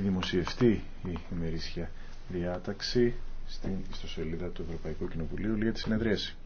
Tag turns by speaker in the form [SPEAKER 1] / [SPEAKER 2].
[SPEAKER 1] έχει δημοσιευτεί η ημερήσια διάταξη στην ιστοσελίδα του Ευρωπαϊκού Κοινοβουλίου για τη συνεδρίαση.